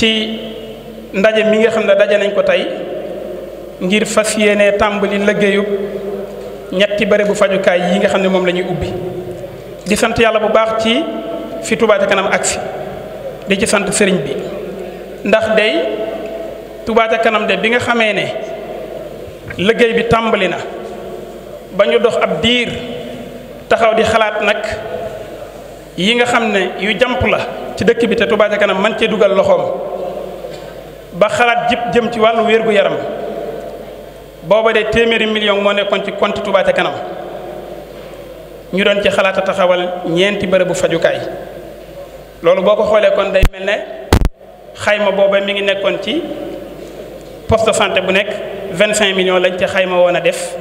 ci ndaje mi nga xam ne daje nañ ko tey ngir fas yéene tàmbali liggéeyub ñetti bare bu fajukaay yi nga xam ne moom lañuy ñuy ubbi di sant yàlla bu baax ci fi Touba ca kanam agsi di ci sant sëriñ bi ndax day Touba ca de bi nga xamee ne liggéey bi tàmbali na ba ñu dox ab diir taxaw di xalaat nag yi nga xam ne yu jàmp la ci dëkk bi te Touba ca kanam man cee dugal loxoom ba xalaat jëpp jëm ci wàllu wér gu yaram booba de téeméeri million moo nekkoon ci compte Touba kanam ñu doon ci xalaat a taxawal ñeenti bërëbu fajukaay loolu boo ko xoolee kon day mel ne xayma booba mi ngi nekkoon ci poste de santé bu nekk vingt cinq million lañ ca xayma woon a def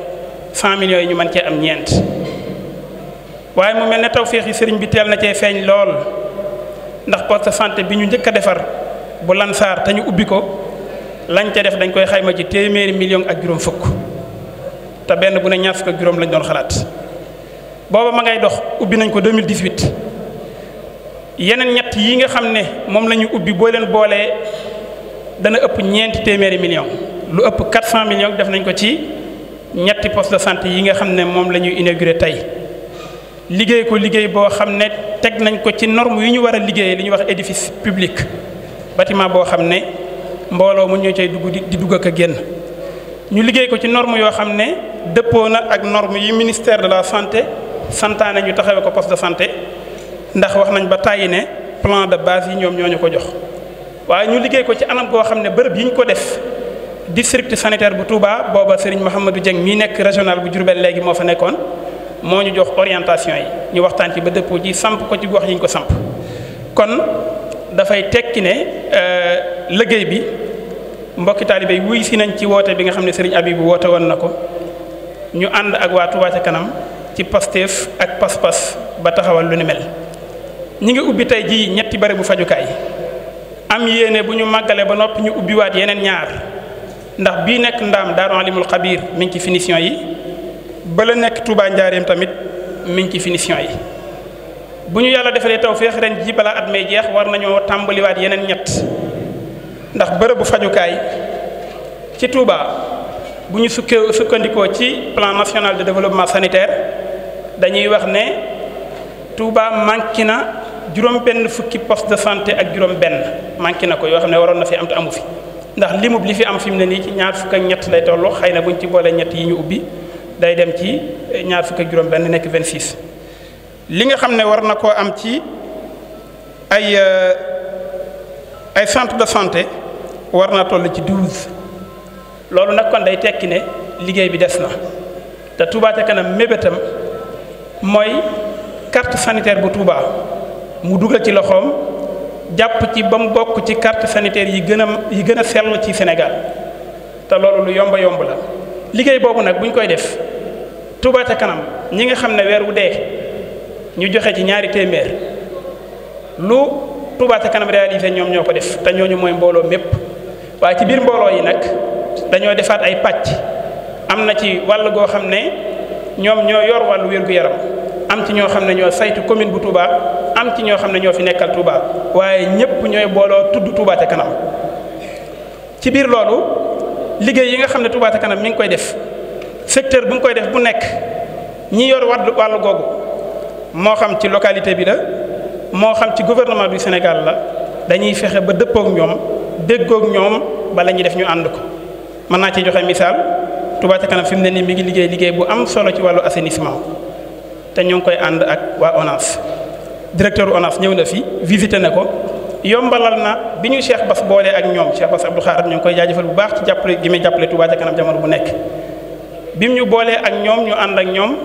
sant millions yi ñu mën cee am ñeent waaye mu mel ne tawféex yi sëriñ bi teel na cee feeñ lool ndax poste de santé bi ñu njëkk a defar. bu lansaar te ñu ubbi ko lañ ca def dañ koy xayma ci téeméeri million ak juróom fukk te benn bu ne ñaar fukk juróom lañ doon xalaat booba ma ngay dox ubbi nañ ko 2018 yeneen ñett yi nga xam ne moom la ñu ubbi boo leen boolee dana ëpp ñeenti téeméeri million lu ëpp 400 millions def nañ ko ci ñetti poste de sant yi nga xam ne moom la ñuy inauguré tey liggéey ko liggéey boo xam ne teg nañ ko ci norme yu ñu war a liggéeyee li ñuy wax édifice publique bâtiment boo xam ne mbooloo mu ñu cay dugg di dugg ak a génn ñu liggéey ko ci norme yoo xam ne dëppoo nag ak norme yi ministère de la santé santaane ñu taxawee ko poste de santé ndax wax nañ ba tàyyi ne plan de base yi ñoom ñoo ñu ko jox. waaye ñu liggéey ko ci anam boo xam ne bërëb yi ñu ko def district sanitaire bu Touba booba Serigne Mouhamadou Dieng mii nekk régional bu Diourbel léegi moo fa nekkoon moo ñu jox orientation yi ñu waxtaan ci ba dëppoo ji samp ko ci gox yi ko samp dafay tekki ne euh, liggéey bi mbokki taalibe yi wuy nañ ci woote bi nga xam ne sëriñ bu woote woon na ko ñu ànd ak waa Touba kanam ci pasteef ak pas-pas ba taxawal lu ni mel ñi ngi ubbi tey jii ñetti bare bu fajukaay am yéene bu ñu màggalee ba noppi ñu ubbiwaat yeneen ñaar ndax bii nekk ndam daaru alimul xabir mi ngi ci finition yi bala nekk Touba njaareem tamit mi ngi ci finition yi bu ñu yàlla defalee tawféex ren ji balaa at may jeex war nañoo tàmbaliwaat yeneen ñett ndax bërëbu fajukaay ci Touba bu ñu sukkee sukkandikoo ci plan national de développement sanitaire dañuy wax ne Touba manqué na juróom-benn fukki poste de santé ak juróom-benn manqué na ko yoo xam ne waroon na fi am te amu fi ndax limub li fi am fi mu ne nii ci ñaar fukk ak ñett lay tollu xëy na buñ ci boolee ñett yi ñu ubbi day dem ci ñaar fukk ak juróom-benn nekk 26. li nga xam ne war na koo am ci ay euh, ay centre de santé war naa toll ci douze loolu nag kon day tekki ne liggéey bi des na te Touba ca kanam mébétam mooy carte sanitaire bu Touba mu dugal ci loxoom jàpp ci ba mu bokk ci carte sanitaire yi gën a yi gën a sell ci Sénégal te loolu lu yomba yomb la liggéey boobu nag bu ñu koy def Touba ca kanam ñi nga xam ne weer wu dee ñu joxe ci ñaari téeméer lu Touba ca kanam réalisé ñoom ñoo ko def te ñooñu mooy mbooloo mépp waaye ci biir mbooloo yi nag dañoo defaat ay pàcc am na ci wàll goo xam ne ñoom ñoo yor wàllu wér-gu-yaram am ci ñoo xam ne ñoo saytu commune bu Touba am ci ñoo xam ne ñoo fi nekkal Touba waaye ñëpp ñooy booloo tudd Touba kanam ci biir loolu liggéey yi nga xam ne Touba kanam mi ngi koy def secteur bi nga koy def bu nekk ñi yor wàllu wàll googu moo xam ci localité bi la moo xam ci gouvernement bi Sénégal la dañuy fexe ba dëppook ñoom déggook ñoom bala ñuy def ñu ànd ko mën naa ci joxe misaal Touba kanam fi mu ne nii mi ngi liggéey liggéey bu am solo ci wàllu assainissement te ñu ngi koy ànd ak waa ONAS directeur ONAS ñëw na fi visité ne ko yombalal na bi ñu Cheikh Bass boole ak ñoom Cheikh Bass Abdou Khadre ñu ngi koy jaajëfal bu baax ci jàppale gi muy jàppale Touba ca kanam jamono bu nekk bim ñu boolee ak ñoom ñu ànd ak ñoom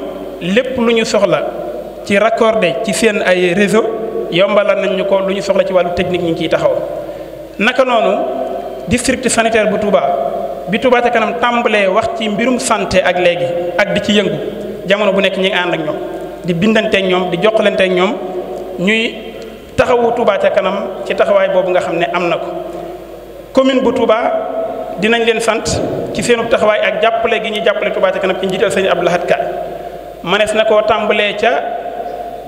lépp lu ñu soxla. ci raccordé ci seen ay réseau yombalal nañ ñu ko lu ñu soxla ci wàllu technique ñu ngi ciy taxaw naka noonu district sanitaire bu Touba bi Touba te kanam tàmbalee wax ci mbirum santé ak léegi ak di ci yëngu jamono bu nekk ñi ngi ànd ak ñoom di bindanteeg ñoom di jokkalanteeg ñoom ñuy taxawu Touba te kanam ci taxawaay boobu nga xam ne am na ko commune bu Touba dinañ leen sant ci seenu taxawaay ak jàppale gi ñuy jàppale Touba te kanam ci njiital sëñ Abdou Lahad Ka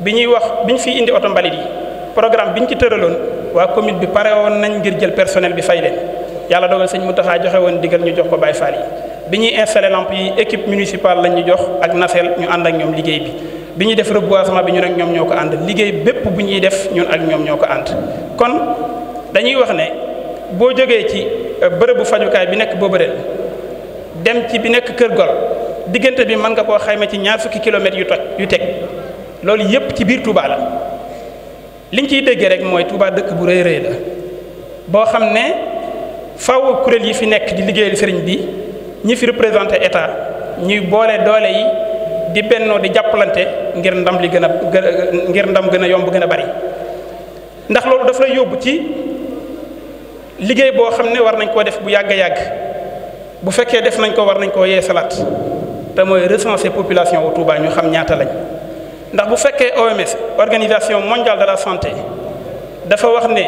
bi ñuy wax bi ñu fi indi oto mbalit yi programme bi ñu ci tëraloon waa commune bi pare woon nañ ngir jël personnel bi fay leen yàlla dogal mu Mountakha joxe woon digal ñu jox ko Baye Fall yi bi ñuy installé lamp yi équipe municipale lañ jox ak naseel ñu ànd ak ñoom liggéey bi bi ñuy def reboisement bi ñu ak ñoom ñoo ko ànd liggéey bépp bu ñuy def ñun ak ñoom ñoo ko ànd kon dañuy wax ne boo jógee ci euh, bërëbu fajukaay bi nekk Boberèle dem ci bi nekk Kër Gol diggante bi mën nga koo xayma ci ñaar fukki kilomètres yu toj yu teg loolu yépp ci biir Touba la liñ ciy déggee rek mooy Touba dëkk bu rëy rëy la boo xam ne faw kuréel yi fi nekk di liggéeyal sëriñ bi ñi fi représenté état ñuy boole doole yi di bennoo di jàppalante ngir ndam li gën a ngir ndam gën a yomb gën a bari ndax loolu daf lay yóbbu ci liggéey boo xam ne war nañ koo def bu yàgg yàgg bu fekkee def nañ ko war nañ koo yee salaat te mooy recenser population wu Touba ñu xam ñaata lañ. ndax bu fekkee OMS organisation mondiale de la santé dafa wax ne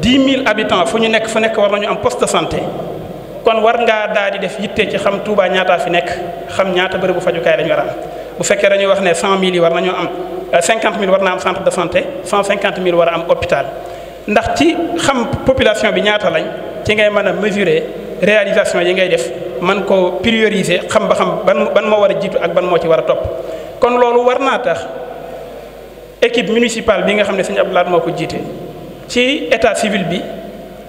dix mille habitants fu ñu nekk fu nekk war nañu am poste de santé kon war ngaa daal di def yitte ci xam Touba ñaataa fi nekk xam ñaata bërëbu fajukaay la ñu war a bu fekkee dañuy wax ne cent mille war nañoo am euh, cinquante mille war naa am centre de santé cent cinquante mille war am hôpital ndax ci xam population bi ñaata lañ ci ngay mën a mesurer réalisation yi ngay def. man koo prioriser xam ba xam ban ban moo war a jiitu ak ban moo ci war a topp kon loolu war naa tax équipe municipale bi nga xam ne sëñ ab Lahad moo ko jiite ci état civil bi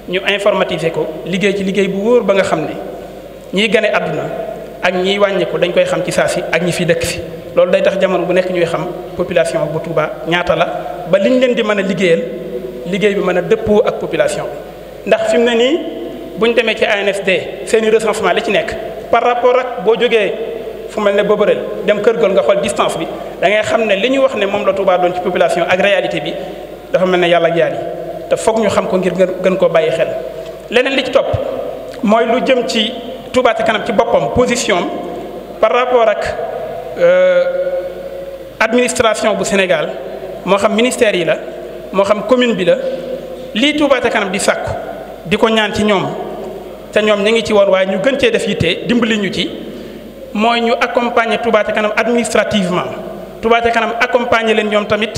ñu informatiser ko liggéey ci liggéey bu wóor ba nga xam ne ñiy gane àdduna ak ñiy wàññeeku dañ koy xam ci saa si ak ñi fi dëkk si loolu day tax jamono bu nekk ñuy xam population bu Touba ñaata la ba liñ leen di mën a liggéeyal liggéey bi mën a dëppoo ak population ndax fi ne nii bu ñu demee ci ANSD seen i recensement li ci nekk par rapport ak boo jógee fu mel ne Boborel dem Kër Gol nga xool distance bi dangay xam ne li ñu wax ne moom la Touba doon ci population ak réalité bi dafa mel ne yàlla ak yaar yi te foog ñu xam ko ngir gën koo bàyyi xel. leneen li ci topp mooy lu jëm ci Touba ca kanam ci boppam position par rapport ak euh, administration bu Sénégal moo xam ministère yi la moo xam commune bi la lii Touba ca kanam di sàkku di ko ñaan ci ñoom. te ñoom ñu ngi ci woon waaye ñu gën cee def yitte dimbali ñu ci mooy ñu accompagner Touba Kanam administrativement Touba Ca Kanam accompagner leen ñoom tamit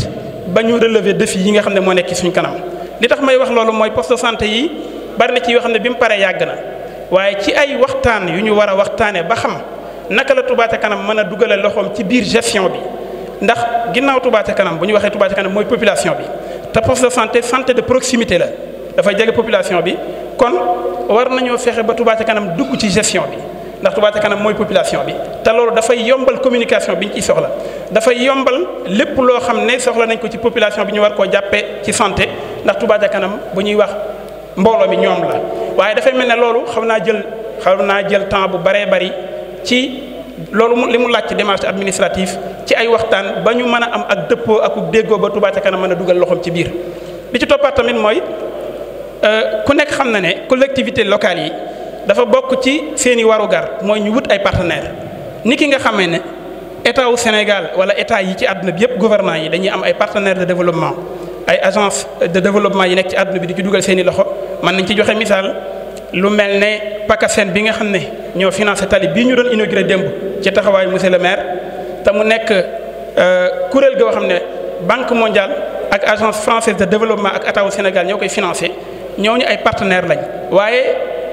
ba ñu relever défi yi nga xam ne moo nekk suñ kanam li tax may wax loolu mooy poste de santé yi bari na ci yoo xam ne bi mu paree yàgg na waaye ci ay waxtaan yu ñu war a waxtaanee ba xam naka la Touba Ca Kanam mën a dugale loxoom ci biir gestion bi ndax ginnaaw Touba Ca Kanam bu ñu waxee Touba Ca Kanam mooy population bi santé de proximité la bi. kon war nañoo fexe ba Touba ca kanam dugg ci gestion bi ndax Touba ca kanam mooy population bi te loolu dafay yombal communication bi ñu ciy soxla dafay yombal lépp loo xam ne soxla nañ ko ci population bi ñu war koo jàppee ci santé ndax Touba kanam bu ñuy wax mbooloo mi ñoom la waaye dafay mel ne loolu xam naa jël xaw naa jël temps bu baree bari ci loolu li mu laaj ci démarche administrative ci ay waxtaan ba ñu mën a am ak dëppoo aku déggoo ba Touba kanam mën a dugal loxoom ci biir li ci toppaat tamit mooy. Euh, ku nekk xam na ne collectivité locale yi dafa bokk ci seeni warugar mooy ñu wut ay partenaires ni ki nga xamee ne état wu Sénégal wala état yi ci àdduna bi yëpp gouvernement yi dañuy am ay partenaires de développement ay agence de développement yi nekk ci àdduna bi di ci dugal seeni loxo mën nañ ci joxe misaal lu mel ne PACASEN bi nga xam ne ñoo financé tali bii ñu doon inauguré démb ci taxawaayu monsieur le maire te mu nekk euh, kuréel goo xam ne banque mondiale ak agence française de ak état Sénégal ñoo koy financé. ñooñu ay partenaire lañ waaye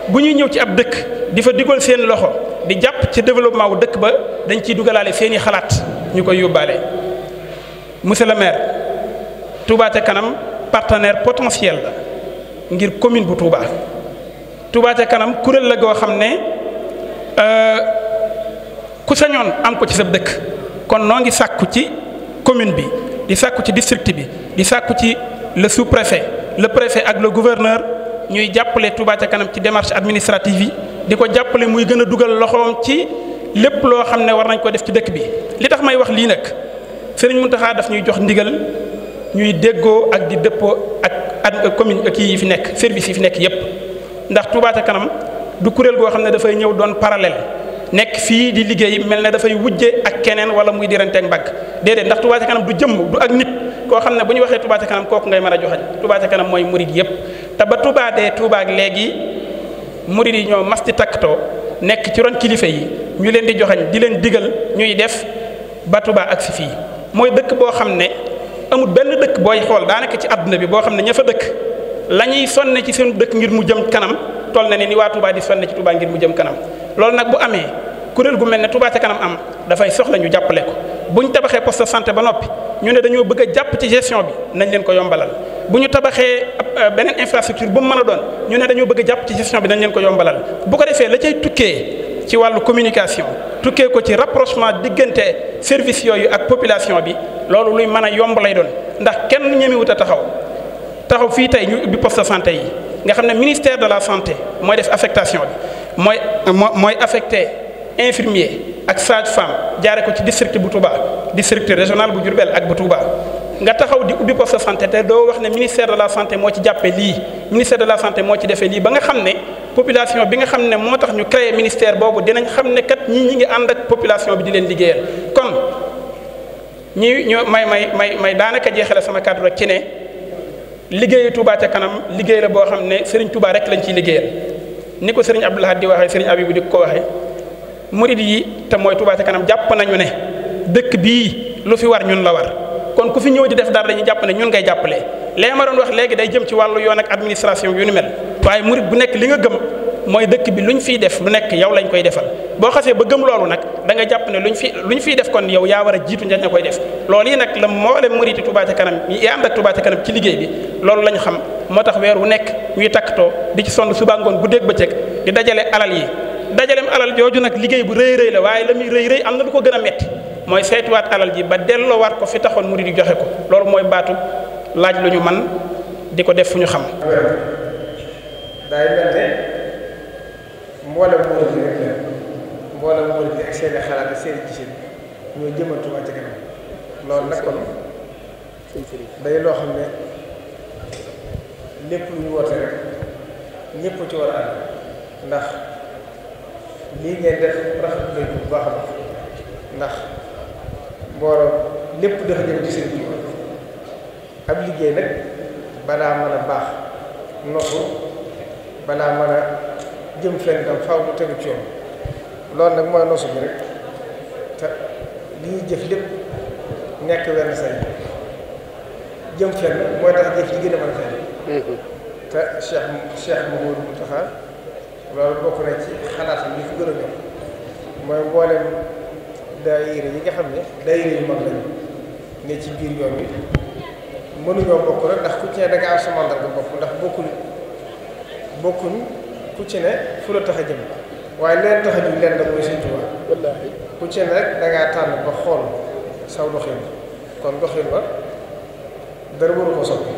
bu ñuy ñëw ci ab dëkk di fa digal seen loxo di jàpp ci développement wu dëkk ba dañ ciy dugalaale seeni xalaat ñu koy yóbbaale. monsieur le maire Touba ca kanam partenaire potentiel ngir commune bu Touba Touba ca kanam kuréel la goo xam ne euh, ku sañoon am ko ci sa dëkk kon noo ngi sàkku ci commune bi di sàkku ci district bi di sàkku ci le sous le préfet ak le gouverneur ñuy jàppale Touba ca kanam ci démarche administrative yi di ko jàppale muy gën a dugal loxoom ci lépp loo xam ne war nañ ko def ci dëkk bi li tax may wax lii nag Serigne Mountakha daf ñuy jox ndigal ñuy déggoo ak di dëppoo ak ak commune kii yi fi nekk service yi fi nekk yépp ndax Touba kanam du kuréel goo xam ne dafay ñëw doon parallèle nekk fii di liggéey mel ne dafay wujje ak keneen wala muy di renteeg mbagg déedéet ndax Touba ca kanam du jëmm du ak nit. koo xam ne bu ñu waxee Touba ca kanam kooku ngay mën a joxañ Touba ca kanam mooy murid yëpp te ba Touba dee Touba léegi murid yi ñoo mas di takkatoo nekk ci ron kilifa yi ñu leen di joxañ di leen digal ñuy def ba Touba ak si fii mooy dëkk boo xam ne amul benn dëkk booy xool daanaka ci àdduna bi boo xam ne ña fa dëkk la ñuy sonne ci seen dëkk ngir mu jëm kanam toll na ne ni waa Touba di sonne ci Touba ngir mu jëm kanam loolu nag bu amee kuréel gu mel ne Touba ca kanam am dafay soxla ñu jàppale ko buñ tabaxee poste de santé ba noppi ñu ne dañoo bëgg a jàpp ci gestion bi nañ leen ko yombalal bu ñu tabaxee euh, beneen infrastructure bu mu mën a doon ñu ne dañoo bëgg a jàpp ci gestion bi nañ leen ko yombalal bu ko defee la cay tukkee ci wàllu communication tukkee ko ci rapprochement diggante service yooyu ak population bi loolu luy mën a yomb lay doon ndax kenn ñemewut a taxaw taxaw fii tey ñu ubbi poste de santé yi nga xam ne ministère de la santé mooy def affectation bi mooy mooy affecté infirmier ak sage femme jaare ko ci district bu Touba district régional bu Diourbel ak bu Touba nga taxaw di ubbi poste de santé te doo wax ne ministère de la santé moo ci jàppee lii ministère de la santé moo ci defee lii ba nga xam ne population bi nga xam ne moo tax ñu créé ministère boobu dinañ xam ne kat ñii ñi ngi ànd ak population bi di leen liggéeyal kon ñi ñoo may may may may daanaka la sama kàddu rek ci ne liggéeyu Touba kanam liggéey la boo xam ne Serigne Touba rek lañ ciy liggéeyal ni ko Serigne Abdoul Ahad di waxee Serigne Abibou di ko waxee murid yi te mooy Touba ca kanam jàpp nañu ne. dëkk bii lu fi war ñun la war kon ku fi ñëw di def dara dañuy jàpp ne ñun ngay jàppale lee ma doon wax léegi day jëm ci wàllu yoon ak administration yu ni mel waaye murit bu nekk li nga gëm mooy dëkk bi lu ñu fiy def lu nekk yow lañ koy defal boo xasee ba gëm loolu nag da nga jàpp ne lu ñu fi lu ñu fiy def kon yow yaa war a jiitu ña koy def loolu yi nag la mboolem muriti Touba ca kanam yi ànd ak Touba ca kanam ci liggéey bi loolu lañu xam moo tax weer wu nekk ñuy takkatoo di ci sonn suba ngoon guddeeg bëccëg di dajale alal yi dajaleem alal jooju nag liggéey bu rëy rëy la waaye la muy rëy rëy am na ko gën a metti mooy saytuwaat alal ji ba delloowaat ko fi taxoon mu murid di joxe ko loolu mooy baatu laaj lu ñu man di ko def fu ñu xam daay mel ne mboolem murid yi rek la mboolem murid yi ak seeni xalaat ak ñoo jëmal Touba ca kanam loolu nag kon day loo xam ne lépp lu ñu woote rek ñépp ci war a ndax lii ngeen def rafetlu ndax mbooloo lépp dafa jëm ci sëriñ bi ab liggéey nag balaa mën a baax nosu balaa mën a jëm fenn tam faaw mu tegu ci loolu nag mooy nosu bi rek te li ñuy jëf lépp nekk wenn sañ jëm fenn mooy tax jëf yi gën a mën a fenn te cheikh cheikh Mouhamadou Mountakha loolu bokk na ci xalaatam yi fi gën a ñor mooy mboolem daayira yi nga xam ne daayira yu mag lañ ne ci biir yoon wi mënuñoo bokk rek ndax ku ci ne da nga am sa mandarga bopp ndax bokkuñ bokkuñ ku ci ne fu la tax a jëm waaye leen tax a jëm leen da mooy Sëñ Tuubaa wallaahi ne rek da tànn ba xool saw doxin kon doxin ba dara waru ko soppi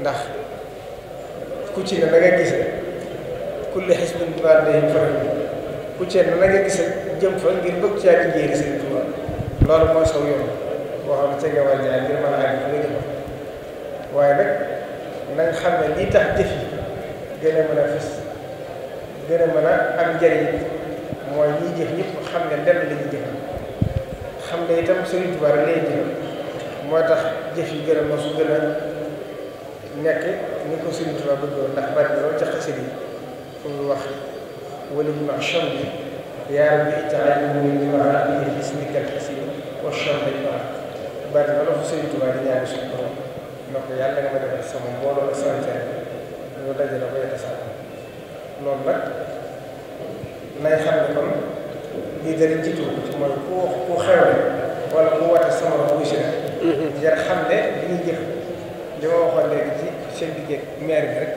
ndax ku ci ne da nga gise kulli xisbin bimaa ladayhim farihun ku ci ne da gise jëm fa ngir bëgg caa liggéeyal Sëriñ Tuuba loolu mooy saw yoon boo xam ne tege war nga jëm waaye nag na xam gën a mën a fës gën a mana a am njëriñ mooy ñiy jëf ñëpp xam ne lenn la ñuy xam ne itam Sëriñ Tuuba rek lay jëf moo tax jëf yi gën a mosu gën a nekk ni ko Sëriñ Tuuba bëggoon ndax bari na loolu ca xasida yi fu mu wax wala ñu wax chambre yaa رب اجعله مني وهذه حسنك الحسين والشر البارك bari na loolu Sëriñ Tuubaa di ñaan suñu borom na ko yàlla nga ma defal sama mbooloo ak sama njëriñ loolu daje na ko yàlla sax loolu nag nay xam ne kon lii dara jiitu mooy ku ku xewe wala ku wate sama wuyu si nag mm-hmm. xam ne li ñuy jëf li ma waxoon léegi ci seen digg maire bi rek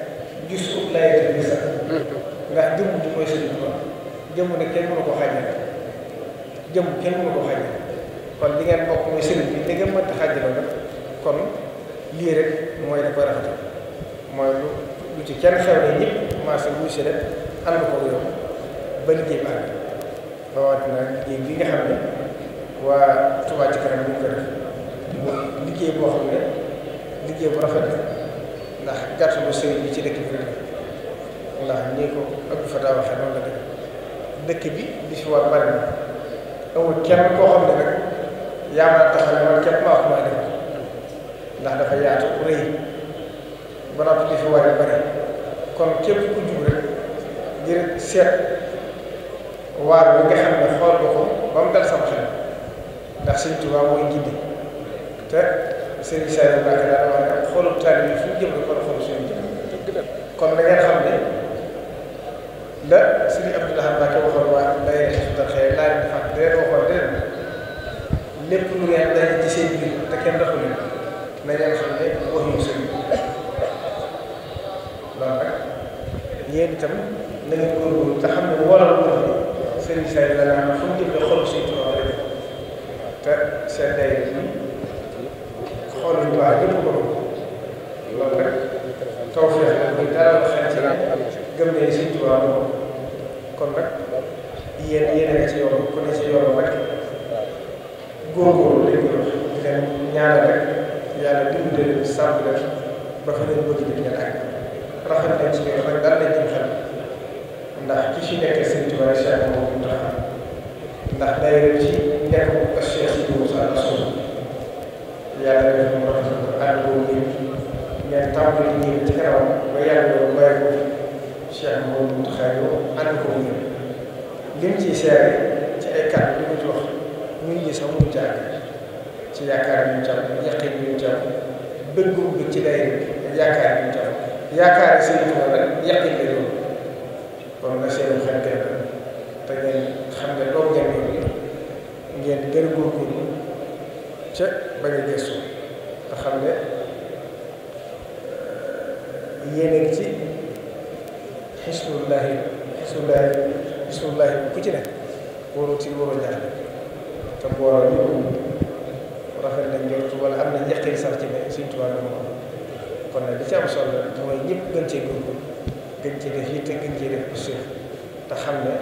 gis ko lay def sax mm-hmm. ndax dimb bi mooy Sëriñ Tuubaa jëmm nag kenn mënu ko xaajale jëmm kenn mënu ko xaajale kon li ngeen bokk mooy sëriñ bi dégg nga mënta xaajaloo rek kon lii rek mooy da koy rafetal mooy ci kenn xew ne ba liggéey ba àgg rawatina liggéey xam ne waa Touba ci kanam ñu ngi ko def mu liggéey boo xam ne liggéey bu rafet ndax gàtt bu sëriñ ci dëkk bi nii ko ak fa daa noonu la def. dëkk bi li fi war bari na amul kenn koo xam ne nag yaa ma taxaw ne man kenn maa ko maa def ndax dafa yaatu rëy ba noppi li fi war a bari kon képp ku jub rek ngir seet waar bi nga xam ne xool nga ko ba mu dal sama xel ndax Sëñ Tuubaa mooy gindi te Sëriñ Saliou Mbacké daal wax ne xoolub taalibe bi fu mu kon da la sëriñ Abdoulaye Mbacke waxoon waa day def xëy laaj bi fàq day waxoon day lépp lu ngeen day ci seen biir te kenn dafa leen na ngeen xam ne waxuñu sëriñ loolu nag yéen itam na ngeen góorgóorlu te xam ne waral sëriñ say nga xam fu mu jëm xolu si góor di leen ñaanal rek yàlla dimbali leen sàmm leen ba fa leen bëgg di ngeen àgg rafet leen ci loolu rek dara lañ jëm xel ndax ki ci nekk sëñ Tuubaa Cheikh moom mu tax ndax daayira ci nekk bu Cheikh si Moussa Rassoul yàlla def mu rafet ko ànd boobu ngeen tàmbali ñëw ci kanam ba yàlla loolu bàyyi ko Cheikh moom mu tax ànd ko mu lim ci seere ci ay kàddu li mu ci wax ñun ñi sax mënu ci àgg ci yaakaar yu ñu jàpp yaqin yu ñu jàpp dëggu bi ci lay yaakaar yu ñu jàpp yaakaar seen tool rek yaqin la loolu kon na seen xel kenn te ngeen xam ne loolu ngeen doon ngeen gën ca bañ a te xam ne euh, yéen ci xisbullahi xisbullahi xisbullahi ku ci ne waroo ci waroo ñaar te mbooloo yi njeexteel sax ci ne suñ kon nag li ci am mooy ñëpp gën cee góorgóorlu gën cee def yitte gën cee te xam ne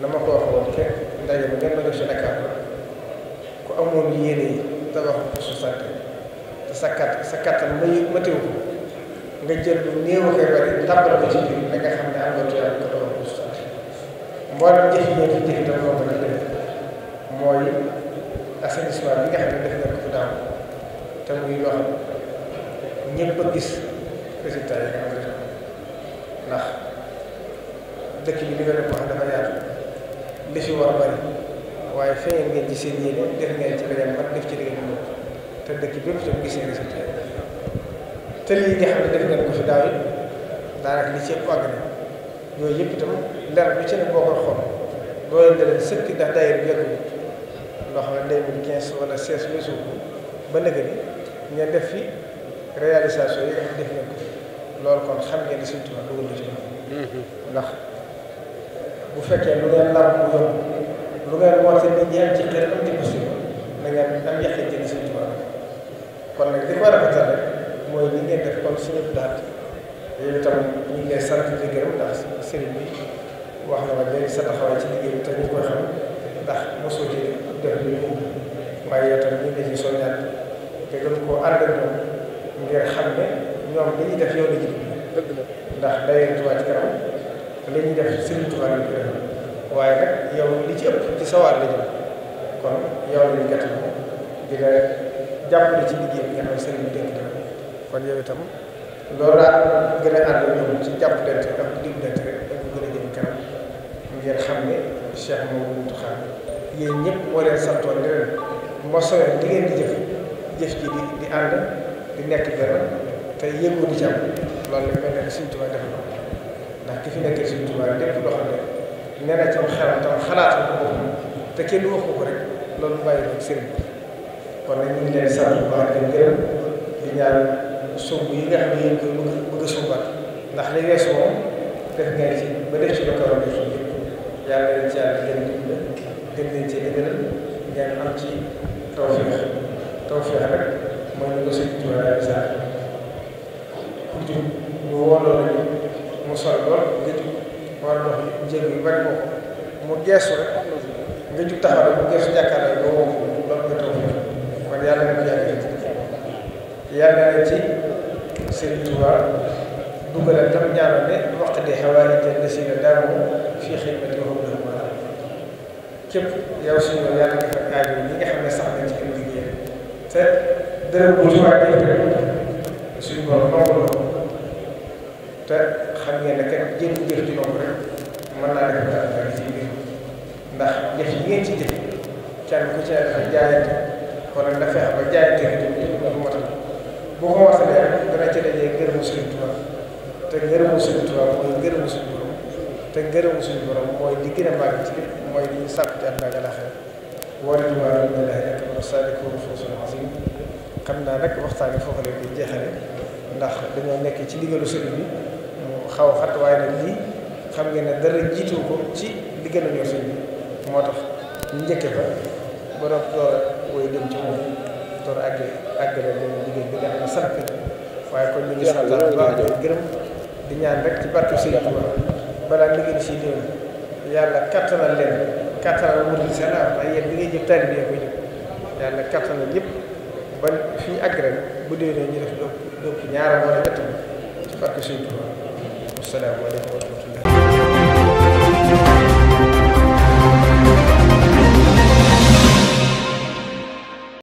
na ko wax woon fekk ndaje yi tabax su sant te sa kàtt sa kàttan ma yëg ma jël lu néew ko ci biir da nga xam ne am nga tuyaat ko tabax su sant mboolem jëf yi fi jëf itam moo ko def mooy bi nga xam ne def nga ko fi te muy loo xam ñëpp a gis résultat yi nga ndax dëkk bi li nga leen wax dafa yaatu li fi war bari waaye feeñal ngeen ci seen yéene def ngeen ci leneen man def ci li ngeen te dëkk bépp tam gis seen résultat yi te lii nga xam ne def ngeen ko fi yëpp itam leer bu ci ne boo koy xool loolu da leen sëkk ndax bi yokku loo xam ne deux mille quinze wala seize ba nëgë ni ña def fi réalisation yi def def nañ ko loolu kon xam ngeen ne Sëñ Tuubaa dugal na ci mm-hmm. ndax bu fekkee lu ngeen nar bu yomb lu ngeen woote nit ñi am ci xel am ci bési na ngeen am yàqe jënd Sëñ Tuubaa kon nag li ko rafetal rek mooy li ngeen def kon suñu daal yooyu tam ñu ngi lay sant di gërëm ndax sëriñ bi wax na ma léegi sa taxawaay ci liggéey bi te ñu koy xam ndax mosoo ci def lu ñu waaye yow tam ñu ngi lay ci soññaat te gën koo àndal ñoom ngir xam ne ñoom dañuy def yoon la ji dëgg la ndax day Touba Ca Kanam li def Serigne Touba lañ koy def waaye na yow li ci ëpp ci sawaar ko di la jàppale ci liggéey bi nga xam ne Serigne bi loolu daal gën ci jàppalante ak dimbalante rek ko gën a kanam ngir xam ne Cheikh Mawlou Moutakha yéen ñëpp moo leen santoon ne leen mosoo leen di ngeen di jëf. jëf ji di di ànd di nekk benn te yëngu di jàmm loolu nag mel na Sëriñ def na ndax ki fi nekk Sëriñ Tuubaa lépp loo xam ne nee na ci xelam tam xalaat ko boppam te kenn a sumbaat ndax li weesu moom def ngay ci ba def ci lu ko war a def yàlla leen ci yàlla gën gën leen ci dëgëral ngeen am ci tawfeex képp yow suñu yow yàlla defal yi nga xam ne sax nañ ci kër gi te dërëm bu ci waa def rek suñu borom nangu te xam ngeen ne kat jënd jëf ci nopp rek mën naa def daal daal ci biir ndax jëf yi ngeen ci jëf kenn ku ci dafa jaayante ba jaayante rek jëf ko matal bu ko matalee rek dana ci dajee ngërëmu suñu tubaab te ngërëmu suñu tubaab mooy ngërëmu suñu borom te ngërëmu suñu borom mooy li gën a ci lépp mooy li ñu sàkku ci àdduna ak àllaaxira waolelu waa billahi rek wa saaliku fawzul azim rek naa nag waxtaan yi foofu lañ koy jeexale ndax dañoo nekk ci diggalu sëriñ bi mu xaw a xat waaye nag lii xam ngeen ne dara jiitu ko ci li gën a ñor sëriñ moo tax ñu njëkke fa ba doon door woy dem ci moom door àgg àggale leen liggéey bi nga xam ne sant waaye kon ñu ngi sant bu baax di gërëm di ñaan rek ci barke sëriñ bi balaa liggéey si déwén yàlla kattanal leen kattanal wut di seen am yéen bi ngay jëm taalibe ko jëm yàlla kattanal ñëpp ba fi ñu bu dee ñu def lépp lépp ñaar wala ñett ci barke suñu Tuubaa asalaamaaleykum